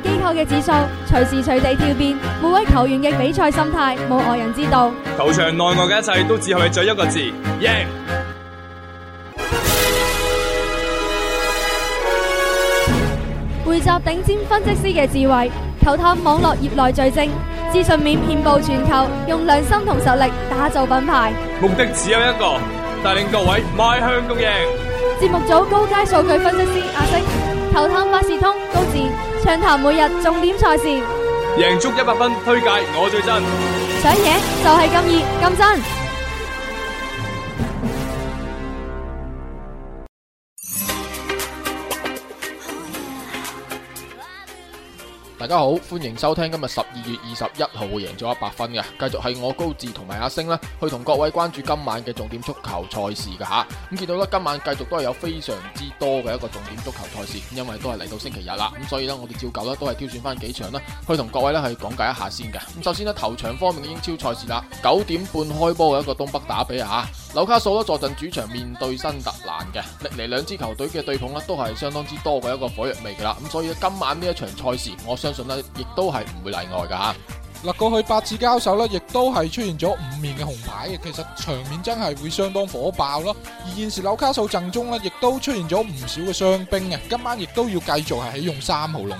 機構嘅指數隨時隨地跳變，每位球員嘅比賽心態冇外人知道。球場內外嘅一切都只係在一個字：贏。匯集頂尖分析師嘅智慧，球探網絡業內最精，資訊面遍佈全球，用良心同實力打造品牌。目的只有一個，帶領各位邁向共贏。節目組高階數據分析師阿星，球探百事通。暢談每日重點賽事，贏足一百分，推介我最真，想贏就係咁熱咁真。大家好，歡迎收聽今日十二月二十一號會贏足 100FUN 嘅，繼續係我高志同埋阿星啦，去同各位關注今晚嘅重點足球賽事嘅吓。咁、嗯、見到咧，今晚繼續都係有非常之多嘅一個重點足球賽事，因為都係嚟到星期日啦，咁、嗯、所以咧我哋照舊咧都係挑選翻幾場啦，去同各位咧去講解一下先嘅。咁首先呢，頭場方面嘅英超賽事啦，九點半開波嘅一個東北打比啊。紐卡素都坐鎮主場面對新特蘭嘅，歷嚟兩支球隊嘅對碰咧都係相當之多嘅一個火藥味噶啦，咁所以今晚呢一場賽事，我相信呢亦都係唔會例外噶吓。嗱，過去八次交手咧，亦都係出現咗五面嘅紅牌嘅。其實場面真係會相當火爆咯。而現時紐卡素陣中咧，亦都出現咗唔少嘅傷兵嘅。今晚亦都要繼續係起用三號龍。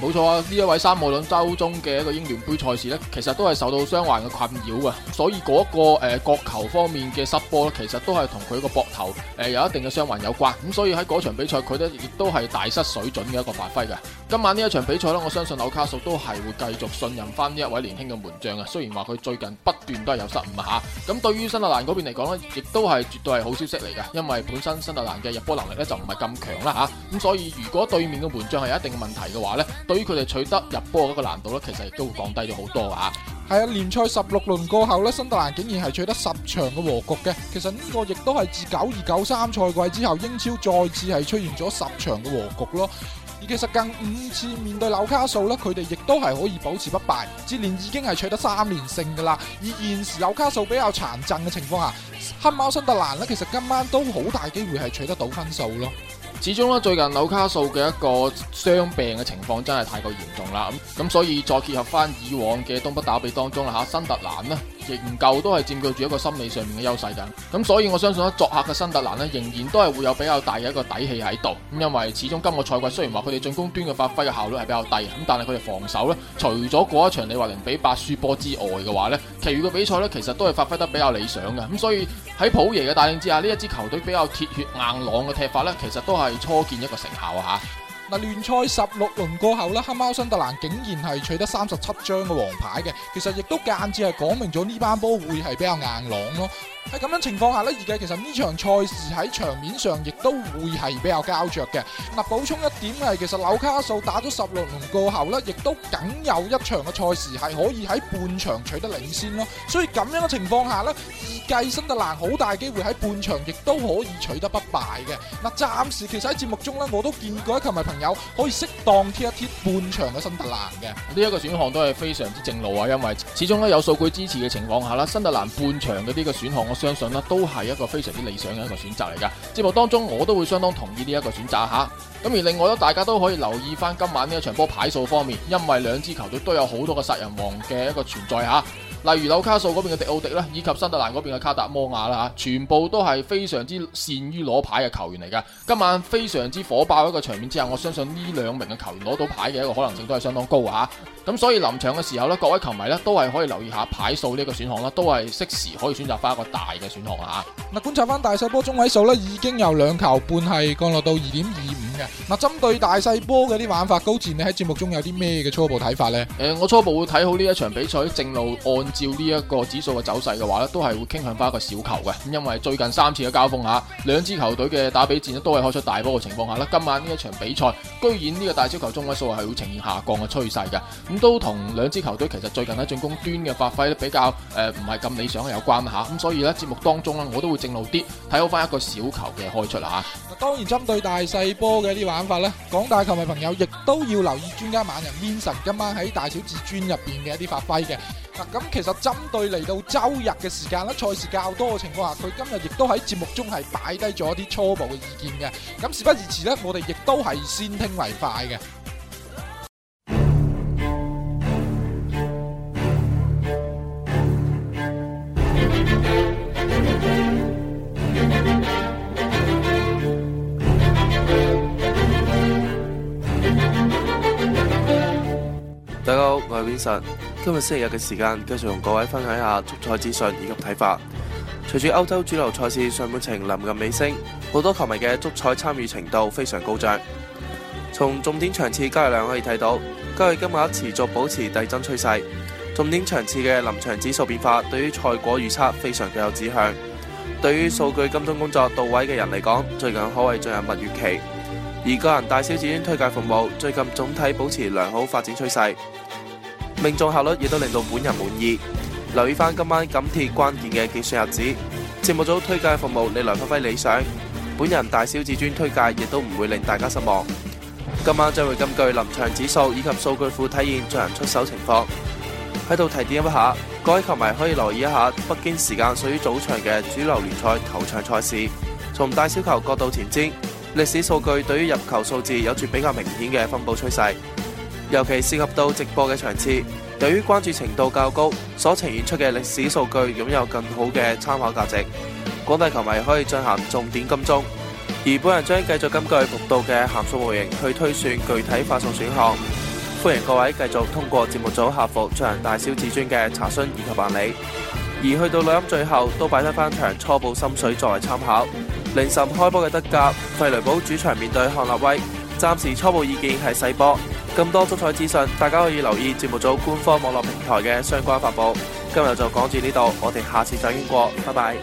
冇錯啊，呢一位三號龍周中嘅一個英聯盃賽事呢，其實都係受到傷患嘅困擾啊。所以嗰個、那個誒、呃，角球方面嘅失波咧，其實都係同佢個膊頭誒有一定嘅傷患有關。咁所以喺嗰場比賽，佢咧亦都係大失水準嘅一個發揮嘅。今晚呢一場比賽呢，我相信紐卡素都係會繼續信任翻呢一位年輕嘅門將啊。雖然話佢最近不斷都係有失誤啊。咁對於新特蘭嗰邊嚟講呢，亦都係絕對係好消息嚟嘅，因為本身新特蘭嘅入波能力呢，就唔係咁強啦吓，咁所以如果對面嘅門將係有一定問題嘅話呢，對於佢哋取得入波嗰個難度呢，其實亦都會降低咗好多啊。係啊，聯賽十六輪過後呢，新特蘭竟然係取得十場嘅和局嘅，其實呢個亦都係自九二九三賽季之後，英超再次係出現咗十場嘅和局咯。其實近五次面對紐卡素咧，佢哋亦都係可以保持不敗，至連已經係取得三連勝噶啦。而現時紐卡素比較殘陣嘅情況下，黑貓新特蘭呢，其實今晚都好大機會係取得到分數咯。始終呢，最近紐卡素嘅一個傷病嘅情況真係太過嚴重啦。咁咁，所以再結合翻以往嘅東北打比當中啦，吓新特蘭咧。仍舊都係佔據住一個心理上面嘅優勢嘅，咁所以我相信、啊、作客嘅新特蘭咧仍然都係會有比較大嘅一個底氣喺度，咁因為始終今個賽季雖然話佢哋進攻端嘅發揮嘅效率係比較低，咁但係佢哋防守呢，除咗嗰一場你話零比八輸波之外嘅話呢，其餘嘅比賽呢，其實都係發揮得比較理想嘅，咁所以喺普爺嘅帶領之下，呢一支球隊比較鐵血硬朗嘅踢法呢，其實都係初見一個成效啊吓。嗱，聯賽十六輪過後咧，黑貓新特蘭竟然係取得三十七張嘅黃牌嘅，其實亦都間接係講明咗呢班波會係比較硬朗咯。喺咁樣情況下咧，預計其實呢場賽事喺場面上亦都會係比較膠着嘅。嗱，補充一點係，其實紐卡素打咗十六輪過後咧，亦都僅有一場嘅賽事係可以喺半場取得領先咯。所以咁樣嘅情況下咧，預計新特蘭好大機會喺半場亦都可以取得不敗嘅。嗱，暫時其實喺節目中咧，我都見過喺球迷朋。有可以適當踢一踢半場嘅新特蘭嘅呢一個選項都係非常之正路啊！因為始終咧，有數據支持嘅情況下啦，新特蘭半場嘅呢個選項，我相信咧都係一個非常之理想嘅一個選擇嚟噶。節目當中我都會相當同意呢一個選擇吓。咁而另外咧，大家都可以留意翻今晚呢一場波牌數方面，因為兩支球隊都有好多嘅殺人王嘅一個存在吓。例如紐卡素嗰邊嘅迪奧迪啦，以及新特蘭嗰邊嘅卡達摩亞啦吓，全部都係非常之善於攞牌嘅球員嚟㗎。今晚非常之火爆一個場面之下，我相信呢兩名嘅球員攞到牌嘅一個可能性都係相當高啊！咁所以臨場嘅時候咧，各位球迷咧都係可以留意下牌數呢一個選項啦，都係適時可以選擇翻一個大嘅選項啊！嗱觀察翻大細波中位數咧，已經由兩球半係降落到二點二五嘅。嗱，針對大細波嘅啲玩法，高戰你喺節目中有啲咩嘅初步睇法呢？誒、呃，我初步會睇好呢一場比賽，正路按照呢一個指數嘅走勢嘅話咧，都係會傾向翻一個小球嘅。咁因為最近三次嘅交鋒嚇，兩支球隊嘅打比戰都係開出大波嘅情況下啦，今晚呢一場比賽居然呢個大小球中位數係會呈現下降嘅趨勢嘅。都同兩支球隊其實最近喺進攻端嘅發揮咧比較誒唔係咁理想有關吓，咁、嗯、所以咧節目當中咧我都會正路啲睇好翻一個小球嘅開出啦吓。啊、當然針對大細波嘅一啲玩法咧，廣大球迷朋友亦都要留意專家猛人煙神今晚喺大小至尊入邊嘅一啲發揮嘅。嗱、啊，咁其實針對嚟到周日嘅時間咧，賽事較多嘅情況下，佢今日亦都喺節目中係擺低咗一啲初步嘅意見嘅。咁事不宜遲咧，我哋亦都係先聽為快嘅。實今日星期日嘅時間，繼續同各位分享一下足彩資訊以及睇法。隨住歐洲主流賽事上半程臨近尾聲，好多球迷嘅足彩參與程度非常高漲。從重點場次交易量可以睇到，交易金額持續保持遞增趨勢。重點場次嘅臨場指數變化對於賽果預測非常具有指向。對於數據跟蹤工作到位嘅人嚟講，最近可謂進入蜜月期。而個人大小子圈推介服務最近總體保持良好發展趨勢。命中效率亦都令到本人滿意。留意翻今晚金鐵關鍵嘅結算日子，節目組推介服務你來發揮理想。本人大小至尊推介亦都唔會令大家失望。今晚將會根據臨場指數以及數據庫體現進行出手情況。喺度提點一下，各位球迷可以留意一下北京時間屬於早場嘅主流聯賽球場賽事，從大小球角度前瞻歷史數據，對於入球數字有住比較明顯嘅分布趨勢。尤其涉及到直播嘅場次，由於關注程度較高，所呈現出嘅歷史數據擁有更好嘅參考價值。廣大球迷可以進行重點跟蹤，而本人將繼續根據幅度嘅函數模型去推算具體發送選項。歡迎各位繼續通過節目組客服進行大小至尊嘅查詢以及辦理。而去到錄音最後，都擺得翻場初步心水作為參考。凌晨開波嘅德甲費雷堡主場面對漢立威，暫時初步意見係細波。咁多足彩資訊，大家可以留意節目組官方網絡平台嘅相關發布。今日就講住呢度，我哋下次再見過，拜拜。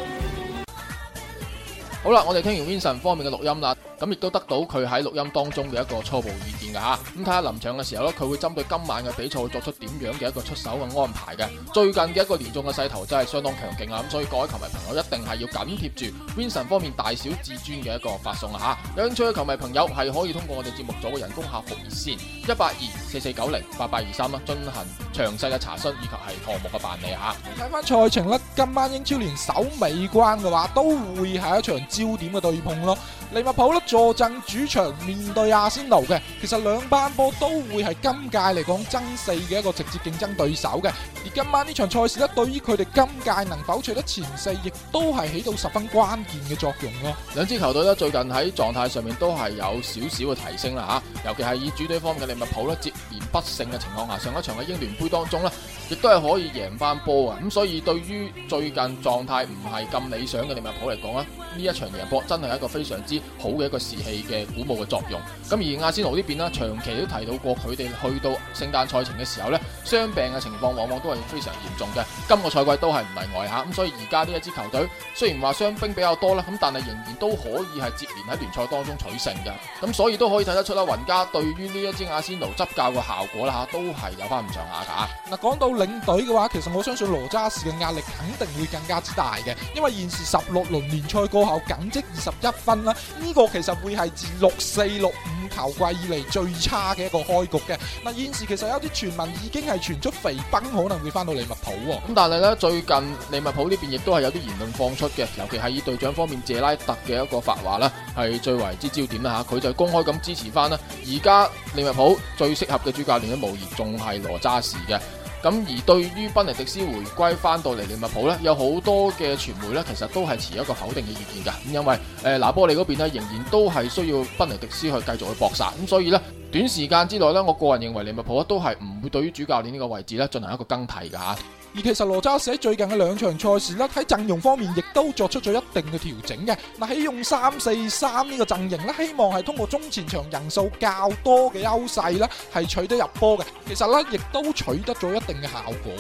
好啦，我哋聽完 Vincent 方面嘅錄音啦。咁亦都得到佢喺錄音當中嘅一個初步意見嘅吓，咁睇下臨場嘅時候咯，佢會針對今晚嘅比賽作出點樣嘅一個出手嘅安排嘅。最近嘅一個連中嘅勢頭真係相當強勁啊！咁所以各位球迷朋友一定係要緊貼住 Vinson 方面大小至尊嘅一個發送吓，有興趣嘅球迷朋友係可以通過我哋節目組嘅人工客服熱線一八二四四九零八八二三啦，進行詳細嘅查詢以及係項目嘅辦理吓，睇翻賽程啦，今晚英超聯首尾關嘅話都會係一場焦點嘅對碰咯，利物浦坐鎮主場面對阿仙奴嘅，其實兩班波都會係今屆嚟講爭四嘅一個直接競爭對手嘅。而今晚呢場賽事呢，對於佢哋今屆能否取得前四，亦都係起到十分關鍵嘅作用咯。兩支球隊呢，最近喺狀態上面都係有少少嘅提升啦吓，尤其係以主隊方嘅利物浦呢，接連不勝嘅情況下，上一場嘅英聯杯當中呢，亦都係可以贏翻波啊。咁所以對於最近狀態唔係咁理想嘅利物浦嚟講咧，呢一場贏波真係一個非常之好嘅。士氣嘅鼓舞嘅作用，咁、嗯、而阿仙奴呢邊呢，長期都提到過佢哋去到聖誕賽程嘅時候呢，傷病嘅情況往往都係非常嚴重嘅，今個賽季都係唔例外吓，咁、嗯、所以而家呢一支球隊雖然話傷兵比較多啦，咁、嗯、但係仍然都可以係接連喺聯賽當中取勝嘅，咁、嗯、所以都可以睇得出啦、啊，雲加對於呢一支阿仙奴執教嘅效果啦吓、啊，都係有翻咁上下噶。嗱、啊，講到領隊嘅話，其實我相信羅渣士嘅壓力肯定會更加之大嘅，因為現時十六輪聯賽過後僅積二十一分啦，呢、這個其實就會係自六四六五球季以嚟最差嘅一個開局嘅。嗱，現時其實有啲傳聞已經係傳出肥賓可能會翻到利物浦咁、哦、但係呢，最近利物浦呢邊亦都係有啲言論放出嘅，尤其係以隊長方面謝拉特嘅一個發話咧，係最為之焦點啦吓。佢、啊、就公開咁支持翻啦，而家利物浦最適合嘅主教練都無疑仲係羅渣士嘅。咁而對於賓尼迪斯回歸翻到嚟利物浦呢，有好多嘅傳媒呢，其實都係持一個否定嘅意見㗎，咁因為誒拿、呃、波利嗰邊呢，仍然都係需要賓尼迪斯去繼續去搏殺，咁所以呢，短時間之內呢，我個人認為利物浦都係唔會對於主教練呢個位置呢進行一個更替㗎吓、啊。而其實羅渣士喺最近嘅兩場賽事呢，喺陣容方面亦都作出咗一定嘅調整嘅。嗱，起用三四三呢個陣型呢，希望係通過中前場人數較多嘅優勢呢，係取得入波嘅。其實呢，亦都取得咗一定嘅效果。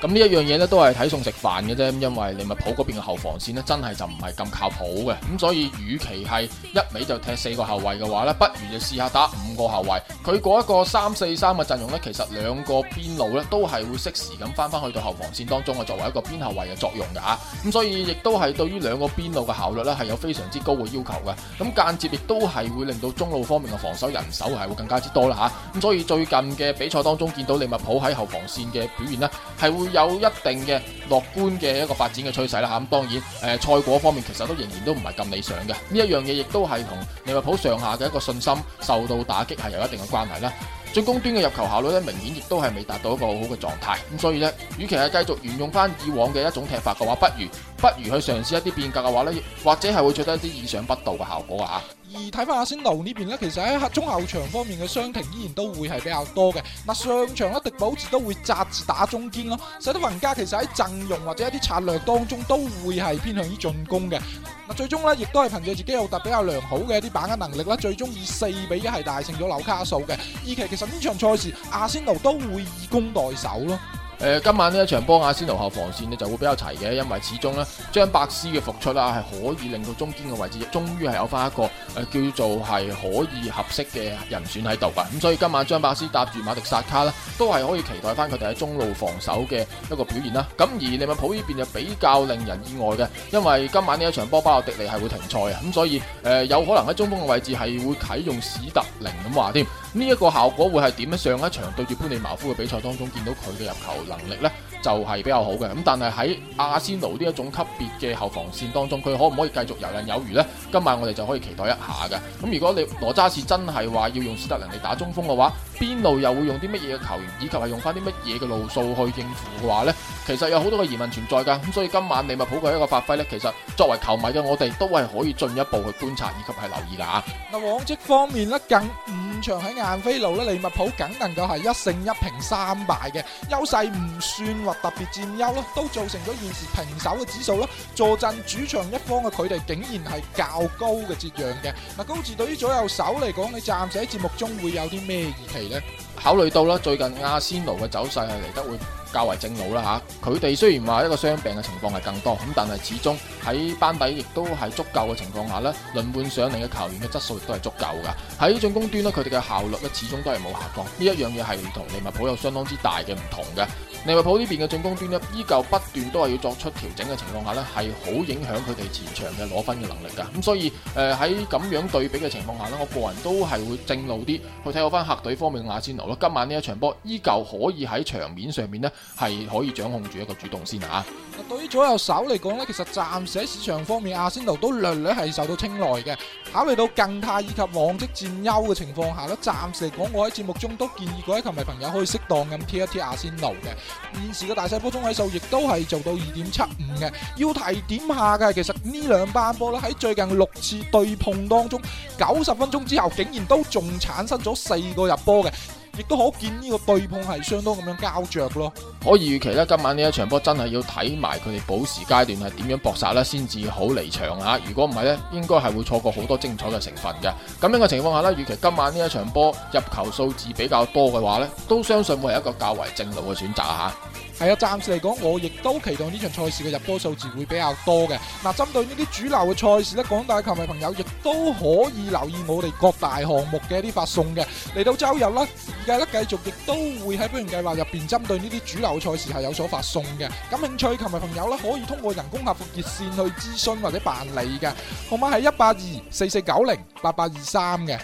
咁呢一樣嘢呢，都係睇餸食飯嘅啫，因為利物浦嗰邊嘅後防線呢，真係就唔係咁靠譜嘅。咁、嗯、所以，與其係一味就踢四個後衞嘅話呢，不如就試下打五個後衞。佢嗰一個三四三嘅陣容呢，其實兩個邊路呢，都係會適時咁翻翻去。後防線當中啊，作為一個邊後衛嘅作用嘅吓，咁所以亦都係對於兩個邊路嘅效率咧，係有非常之高嘅要求嘅。咁間接亦都係會令到中路方面嘅防守人手係會更加之多啦吓。咁所以最近嘅比賽當中，見到利物浦喺後防線嘅表現呢，係會有一定嘅樂觀嘅一個發展嘅趨勢啦吓。咁當然，誒賽果方面其實都仍然都唔係咁理想嘅。呢一樣嘢亦都係同利物浦上下嘅一個信心受到打擊係有一定嘅關係啦。最高端嘅入球效率咧，明顯亦都係未達到一個好好嘅狀態，咁所以咧，與其係繼續沿用翻以往嘅一種踢法嘅話，不如。不如去嘗試一啲變革嘅話咧，或者係會取得一啲意想不到嘅效果啊！而睇翻阿仙奴邊呢邊咧，其實喺中後場方面嘅傷停依然都會係比較多嘅。嗱，上場呢，迪寶好似都會紮住打中堅咯，使得雲加其實喺陣容或者一啲策略當中都會係偏向於進攻嘅。嗱，最終呢，亦都係憑借自己奧特比較良好嘅一啲把握能力啦，最終以四比一係大勝咗紐卡素嘅。二期其實呢場賽事阿仙奴都會以攻代守咯。誒、呃、今晚呢一場波阿仙奴後防線咧就會比較齊嘅，因為始終咧張伯斯嘅復出啦，係可以令到中堅嘅位置終於係有翻一個誒、呃、叫做係可以合適嘅人選喺度㗎。咁、嗯、所以今晚張伯斯搭住馬迪薩卡啦，都係可以期待翻佢哋喺中路防守嘅一個表現啦。咁、啊、而利物浦呢邊就比較令人意外嘅，因為今晚呢一場波巴洛迪尼係會停賽嘅，咁、嗯、所以誒、呃、有可能喺中鋒嘅位置係會啟用史特靈咁話添。呢一個效果會係點咧？上一場對住潘尼茅夫嘅比賽當中，見到佢嘅入球能力呢，就係比較好嘅。咁但係喺阿仙奴呢一種級別嘅後防線當中，佢可唔可以繼續游刃有餘呢？今晚我哋就可以期待一下嘅。咁如果你羅渣士真係話要用斯特林嚟打中鋒嘅話，邊路又會用啲乜嘢嘅球員，以及係用翻啲乜嘢嘅路數去應付嘅話呢？其實有好多嘅疑問存在噶，咁所以今晚利物浦嘅一個發揮咧，其實作為球迷嘅我哋都係可以進一步去觀察以及係留意噶吓。嗱，往績方面咧，近五場喺晏菲路咧，利物浦僅能夠係一勝一平三敗嘅，優勢唔算話特別佔優咯，都造成咗現時平手嘅指數咯。坐鎮主場一方嘅佢哋，竟然係較高嘅折讓嘅。嗱，高志對於左右手嚟講，你暫時喺節目中會有啲咩預期咧？考慮到咧，最近阿仙奴嘅走勢係嚟得會。較為正路啦吓，佢哋雖然話一個傷病嘅情況係更多，咁但係始終喺班底亦都係足夠嘅情況下咧，輪換上嚟嘅球員嘅質素亦都係足夠噶。喺進攻端咧，佢哋嘅效率咧始終都係冇下降，呢一樣嘢係同利物浦有相當之大嘅唔同嘅。利物浦呢邊嘅進攻端呢，依舊不斷都係要作出調整嘅情況下呢，係好影響佢哋前場嘅攞分嘅能力噶。咁、嗯、所以誒喺咁樣對比嘅情況下呢，我個人都係會正路啲去睇好翻客隊方面嘅阿仙奴咯。今晚呢一場波依舊可以喺場面上面呢，係可以掌控住一個主動先吓。對於左右手嚟講呢，其實暫時喺市場方面，阿仙奴都略略係受到青睞嘅。考慮到近態以及往績佔優嘅情況下呢，暫時嚟講，我喺節目中都建議各位球迷朋友可以適當咁踢一踢阿仙奴嘅。現時嘅大細波中位數亦都係做到二點七五嘅，要提點下嘅。其實呢兩班波咧，喺最近六次對碰當中，九十分鐘之後竟然都仲產生咗四個入波嘅。亦都可見呢個對碰係相當咁樣膠着咯。可以預期咧，今晚呢一場波真係要睇埋佢哋補時階段係點樣搏殺咧，先至好離場吓、啊。如果唔係咧，應該係會錯過好多精彩嘅成分嘅。咁樣嘅情況下咧，預期今晚呢一場波入球數字比較多嘅話咧，都相信會係一個較為正路嘅選擇吓、啊。係啊，暫時嚟講，我亦都期待呢場賽事嘅入波數字會比較多嘅。嗱，針對呢啲主流嘅賽事咧，廣大球迷朋友亦都可以留意我哋各大項目嘅一啲發送嘅。嚟到周日啦，而家咧繼續亦都會喺《番員計劃》入邊針對呢啲主流賽事係有所發送嘅。咁，興趣球迷朋友咧可以通過人工客服熱線去諮詢或者辦理嘅號碼係一八二四四九零八八二三嘅。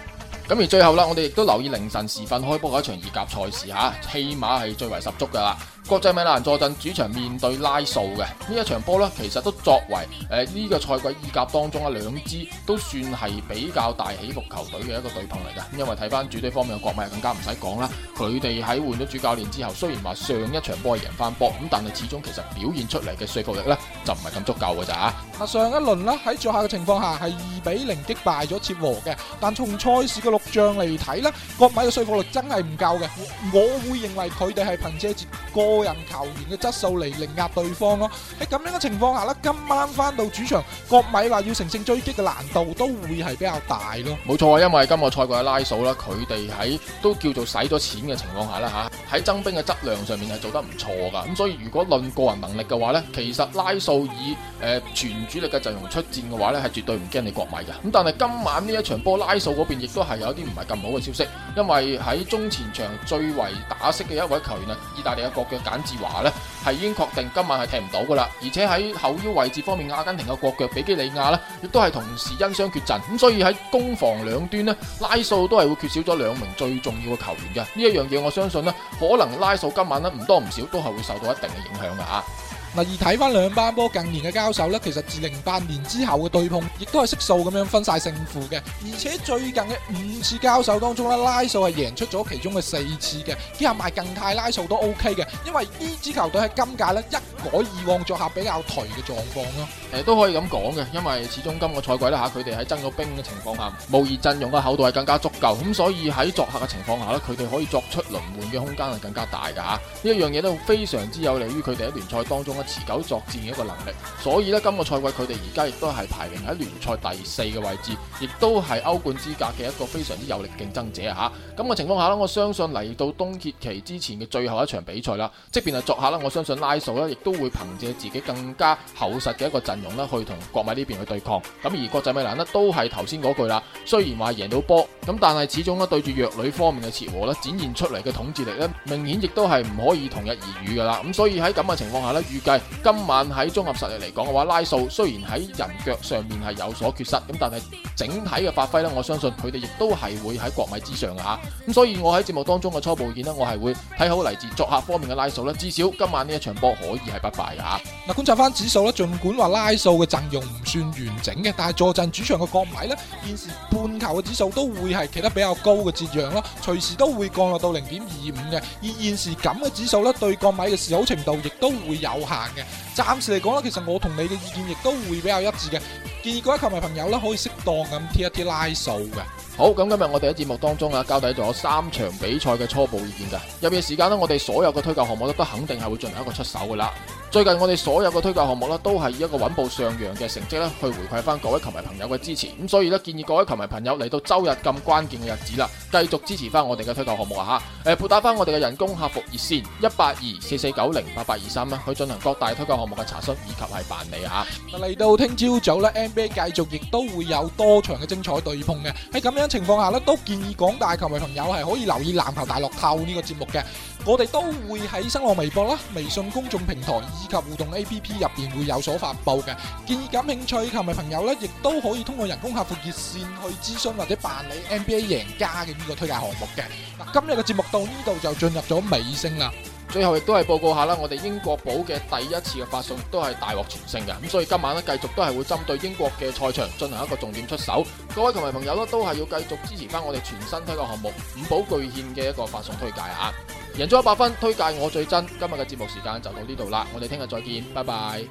咁而最後啦，我哋亦都留意凌晨時分開波一場二甲賽事吓，起碼係最為十足噶啦。國際米蘭坐鎮主場面對拉素嘅呢一場波呢，其實都作為誒呢、呃這個賽季意甲當中嘅兩支都算係比較大起伏球隊嘅一個對碰嚟噶。因為睇翻主隊方面，國米更加唔使講啦，佢哋喺換咗主教練之後，雖然話上一場波贏翻波，咁但係始終其實表現出嚟嘅說服力呢，就唔係咁足夠嘅咋。上一輪呢，喺在下嘅情況下係二比零擊敗咗切和嘅，但從賽事嘅錄像嚟睇呢，國米嘅說服力真係唔夠嘅。我會認為佢哋係憑借個人球員嘅質素嚟，力壓對方咯。喺、哎、咁樣嘅情況下呢，今晚翻到主場，國米話要乘勝追擊嘅難度都會係比較大咯。冇錯啊，因為今個賽季嘅拉素啦，佢哋喺都叫做使咗錢嘅情況下啦吓，喺、啊、增兵嘅質量上面係做得唔錯噶。咁所以如果論個人能力嘅話呢，其實拉素以誒、呃、全主力嘅陣容出戰嘅話呢，係絕對唔驚你國米嘅。咁但係今晚呢一場波，拉素嗰邊亦都係有啲唔係咁好嘅消息，因為喺中前場最為打識嘅一位球員啊，意大利嘅國腳。簡志華呢係已經確定今晚係踢唔到噶啦，而且喺後腰位置方面，阿根廷嘅國腳比基里亞呢亦都係同時因傷缺陣，咁所以喺攻防兩端呢，拉素都係會缺少咗兩名最重要嘅球員嘅，呢一樣嘢我相信呢，可能拉素今晚呢唔多唔少都係會受到一定嘅影響噶啊。嗱而睇翻兩班波近年嘅交手呢，其實自零八年之後嘅對碰，亦都係悉數咁樣分晒勝負嘅。而且最近嘅五次交手當中呢，拉數係贏出咗其中嘅四次嘅。兼埋近態拉數都 O K 嘅，因為、e、隊呢支球隊喺今屆呢一改以往作客比較頹嘅狀況咯。誒都可以咁講嘅，因為始終今個賽季咧嚇佢哋喺增咗兵嘅情況下，無疑陣容嘅厚度係更加足夠。咁所以喺作客嘅情況下呢，佢哋可以作出輪換嘅空間係更加大㗎嚇。呢一樣嘢都非常之有利於佢哋喺聯賽當中持久作戰嘅一個能力，所以咧今個賽季佢哋而家亦都係排名喺聯賽第四嘅位置，亦都係歐冠資格嘅一個非常之有力競爭者吓。咁嘅情況下咧，我相信嚟到冬歇期之前嘅最後一場比賽啦，即便係作客啦，我相信拉素呢亦都會憑借自己更加厚實嘅一個陣容呢去同國米呢邊去對抗。咁而國際米蘭呢都係頭先嗰句啦，雖然話贏到波，咁但係始終呢對住弱旅方面嘅切和呢，展現出嚟嘅統治力呢，明顯亦都係唔可以同日而語噶啦。咁所以喺咁嘅情況下呢。今晚喺綜合實力嚟講嘅話，拉素雖然喺人腳上面係有所缺失，咁但係整體嘅發揮咧，我相信佢哋亦都係會喺國米之上嘅吓。咁所以我喺節目當中嘅初步意見咧，我係會睇好嚟自作客方面嘅拉素咧，至少今晚呢一場波可以係不敗嘅吓。嗱，觀察翻指數咧，盡管話拉素嘅陣容唔算完整嘅，但係坐鎮主場嘅國米咧，現時半球嘅指數都會係企得比較高嘅折讓咯，隨時都會降落到零點二五嘅。而現時咁嘅指數咧，對國米嘅示好程度亦都會有限。暫時嚟講咧，其實我同你嘅意見亦都會比較一致嘅，建議各位球迷朋友咧可以適當咁貼一貼拉數嘅。好咁，今日我哋喺節目當中啊，交代咗三場比賽嘅初步意見嘅。入面時間咧，我哋所有嘅推介項目都肯定係會進行一個出手噶啦。最近我哋所有嘅推介項目咧，都係以一個穩步上揚嘅成績咧，去回饋翻各位球迷朋友嘅支持。咁所以咧，建議各位球迷朋友嚟到周日咁關鍵嘅日子啦，繼續支持翻我哋嘅推介項目啊！吓、呃，誒撥打翻我哋嘅人工客服熱線一八二四四九零八八二三啦，去進行各大推介項目嘅查詢以及係辦理啊。嚟到聽朝早咧，NBA 繼續亦都會有多場嘅精彩對碰嘅，喺咁樣。情況下咧，都建議廣大球迷朋友係可以留意籃球大樂透呢個節目嘅。我哋都會喺新浪微博啦、微信公眾平台以及互動 A P P 入邊會有所發布嘅。建議感興趣球迷朋友咧，亦都可以通過人工客服熱線去諮詢或者辦理 N B A 贏家嘅呢個推介項目嘅。嗱，今日嘅節目到呢度就進入咗尾聲啦。最後亦都係報告下啦，我哋英國寶嘅第一次嘅發送都係大獲全勝嘅，咁所以今晚咧繼續都係會針對英國嘅賽場進行一個重點出手。各位球迷朋友咧都係要繼續支持翻我哋全新嘅一個項目五寶巨獻嘅一個發送推介啊！贏足一百分，推介我最真。今日嘅節目時間就到呢度啦，我哋聽日再見，拜拜。